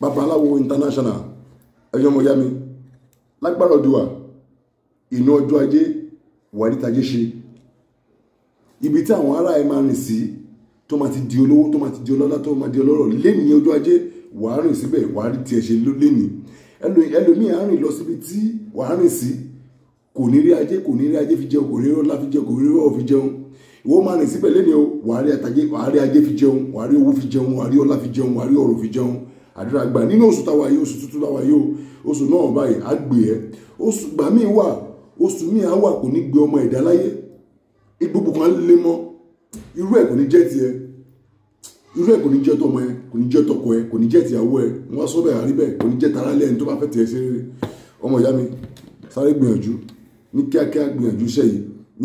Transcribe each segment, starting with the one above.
babaláwo international ẹ̀yọ́ ọmọ yá mi lágbára ọdún wa ìná ọjọ́ ajé wà níta ajé ṣe ibi tí àwọn ará ẹ máa rìn sí tó máa ti di olówó tó máa ti di ọlọ́lá tó máa di ọlọ́rọ̀ lẹ́nìí ọjọ́ ajé wà á rìn síbẹ̀ wà á rí tiẹ̀ ṣe lẹ́nìí ẹlòmíì á rìn lọ síbi tí wà á rìn sí kò ní rí ajé kò ní rí ajé fi jẹun kò rí ọlá fi jẹun kò rí ọ̀ fi jẹun ìwọ máa rìn síbẹ̀ lẹ́nìí o rí ajé fi jẹun wà rí owó fi jẹun wà rí ọlá fi jẹun wà rí ọ̀rọ̀ fi jẹun àdúrà gbà nínú oṣù táwa yìí oṣù tuntun táwa yìí oṣù náà báyìí á gbé ẹ oṣù gbà míì wà oṣù míì á wà kò ní gbé ọmọ ẹ̀dá láyé gbogbo kan lé mọ́ irú ẹ̀ kò ní jẹ́ tiẹ̀ irú ẹ̀ kò ní jẹ́ tọmọ ẹ kò ní jẹ́ tọkọ ẹ kò ní jẹ́ tìyàwó ẹ wọ́n sọ bẹ́ẹ̀ àrí bẹ́ẹ̀ kò ní jẹ́ tara lẹ́yìn tó bá fẹ́ tiẹ̀ ṣe rere ọmọ ìyá mi sáré gbìyànjú ní kíákíá gbìyànjú iṣẹ́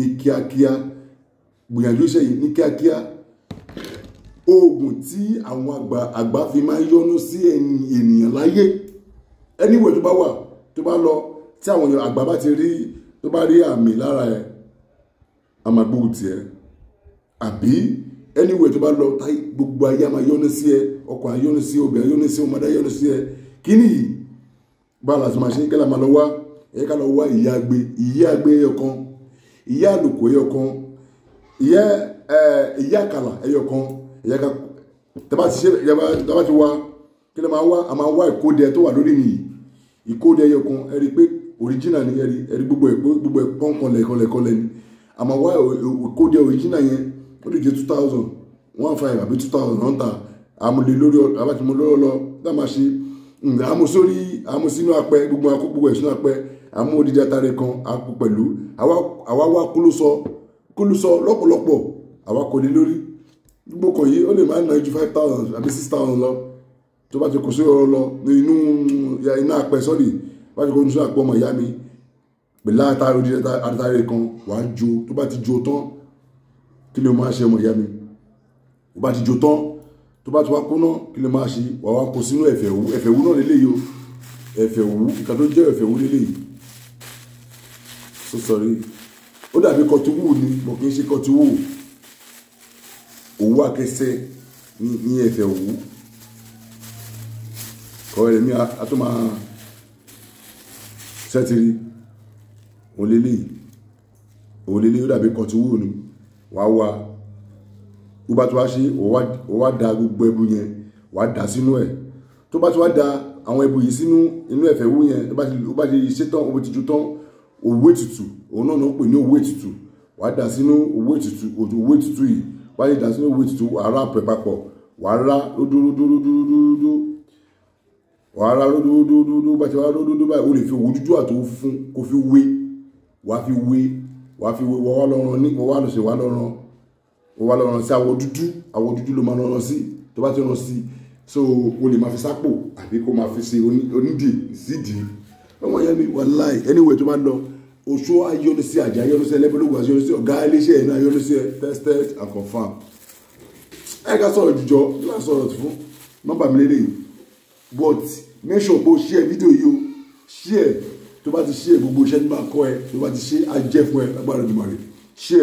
ní kíákíá gbìyànjú iṣẹ́ ní kíákíá oògùn tí àwọn àgbà àgbà fi máa ń yọnu sí ènìyàn láyé anywhere tó bá wà tó bá lọ tí àwọn àgbà bá ti rí tó bá rí àmì lára ẹ a máa gbógun tiẹ àbí anywhere tó bá lọ gbogbo ayé a máa yọnu sí ẹ ọkọ ayọnu sí ẹ obìnrin ayọnu sí ẹ ọmọdé ayọnu sí ẹ kí ni yìí bá a lọ sí máa ṣe kẹlẹ a máa lọ wá ẹ ká lọ wá ìyá agbe ìyá agbe ẹyọ ìyá àlùkò ẹyọ ìyá àkàlà ẹyọ ẹ̀yà kan tẹ́bà ti ṣe ìjọba ti wá kí ló máa wá a máa wá ìkódẹ tó wà lórí mi yìí ìkódẹ ẹyọ kan ẹ̀rí pé original ni ẹ̀rí ẹ̀rí gbogbo ẹ̀ gbogbo ẹ̀ pọ́nkan lẹ́kọ̀lẹ́kọ̀lẹ́ ni a máa wá ìkódẹ original yẹn ó lè jẹ́ two thousand one five àbí two thousand náà ta àmúlẹ̀ lórí abájúmọ́ lọ́rọ̀ lọ dá máa ṣe àmú hmm, sórí àmú sínú apẹ gbogbo akó gbogbo ẹ̀ sínú apẹ àmú odidi atare kan àpò pẹ̀lú àwa wá kúlù sọ kúlù sọ lọ́pọ̀lọpọ̀ àwa kò ní lórí gbogbo ọkọ̀ yìí ó lè máa ń ná ju five thousand àbí six thousand lọ tó bá ti kò sí ọ̀rọ̀ lọ ní inú iná apẹ sọ́ọ̀dì bá ti kò ní sọ àpò ọmọ ìyá mi pẹ̀lú àtàrí odi àtàrí kan wà á jo tó bá ti jo tán kí ló máa ṣe ọmọ ìyá mi tó bá ti jo tán tó bá ti wá kú náà kí ló máa ṣe wà wá kó sínú ẹ̀fẹ̀wú ẹ̀fẹ̀wú náà lélẹ́yìí o ẹ̀fẹ̀wú ìka tó jẹ́ ẹ̀fẹ̀wú lélẹ́yìí so sorry ó dàbí kọtúwù ni mo kì í ṣe kọtúwù owó akẹsẹ ní ẹfẹ owó kọ ẹlẹmi atọ máa sẹtiri olélẹ olélẹ ó dàbí kọtí wúrò ni wàá wá tó bá tó wá ṣe ó wá da gbogbo ẹbu yẹn wàá dà sínú ẹ tó bá tó wá da àwọn ẹbu yìí sínú inú ẹfẹ wú yẹn tó bá ti ṣe tán ó ti tán òwú ètùtù òun náà ló ń pè ní òwú ètùtù wàá dà sínú òwú ètùtù yìí wáyé ìdásílẹ̀ owó ètùtù wàhálà pẹ̀ papọ̀ wàhálà lódúdúdúdúdúdú wàhálà lódúdúdúdú bá ti wàhálà lódúdú báyìí o lè fi owó dúdú àti owó funfun kó fi wé wàá fi wé wàá fi wé wọ́n wá lọ́rọ̀ ní wọ́n wá lọ sí wàá lọ́rọ̀ wọ́n wá lọ́rọ̀ sí àwọ̀ dúdú àwọ̀ dúdú ló máa lọ́rọ̀ sí tó bá ti rọ̀ sí so o lè máa fi sápò àbí kó máa fi ṣe onídìí sídìí ọmọ yẹn mi wàláì anyway tó bá lọ oṣù ayọ́nisí àjà ayọ́nisí ẹlẹ́bẹ̀lógún ayọ́nisí ọ̀gá iléeṣẹ́ iná ayọ́nisí tested and confirmed ẹ ká sọ̀rọ̀ jùjọ nígbà sọ̀rọ̀ fún nọ́mbà mi lélẹ̀ yìí but make sure bó share ẹ fídíò yìí o ṣí ẹ tó bá ti share ẹ gbogbo iṣẹ́ nígbà kọ́ ẹ tó bá ti ṣí ajẹ́ fún ẹ lágbára ìdìbò rẹ ṣí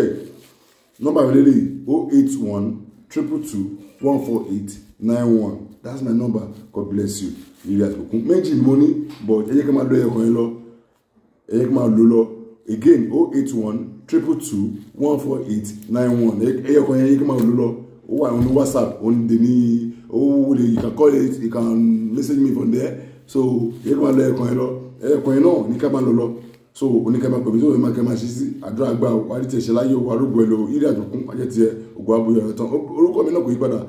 mi lélẹ̀ yìí o oh eight one triple two one four eight nine one that's my number god bless you ìrìn àtòkùn méjì ni mo ní but ẹ jẹ́ ká máa lọ ẹ̀kọ́ yẹn lọ ẹ̀yẹ́ kí máa lò lọ again o oh eight one triple two one four eight nine one ẹ̀yẹ́ kan ẹ̀yẹ́ kí máa lò lọ ó wà ní whatsapp ó ní dèní ó wọlé you can call it you can message me from there so ẹ̀yẹ́ kí máa lọ ẹ̀kan yẹn lọ ẹ̀kan yẹn náà ní ká máa lò lọ so oníkẹ́mà pẹ̀lú tó ìmọ̀ kẹ́mà ṣí sí àdúrà gbà wàrí tẹ̀sẹ̀ láyé o arúgbó ẹlò ìrì àjòkún ajẹ́ tiẹ̀ ògùn abúlé ọ̀rẹ́ tán orúkọ mi náà kò yí padà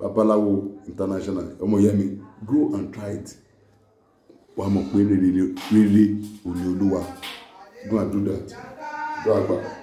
babaláwo international ọmọ yẹmi go and try it wà á mọ̀ pé rere rere òní olúwa do that.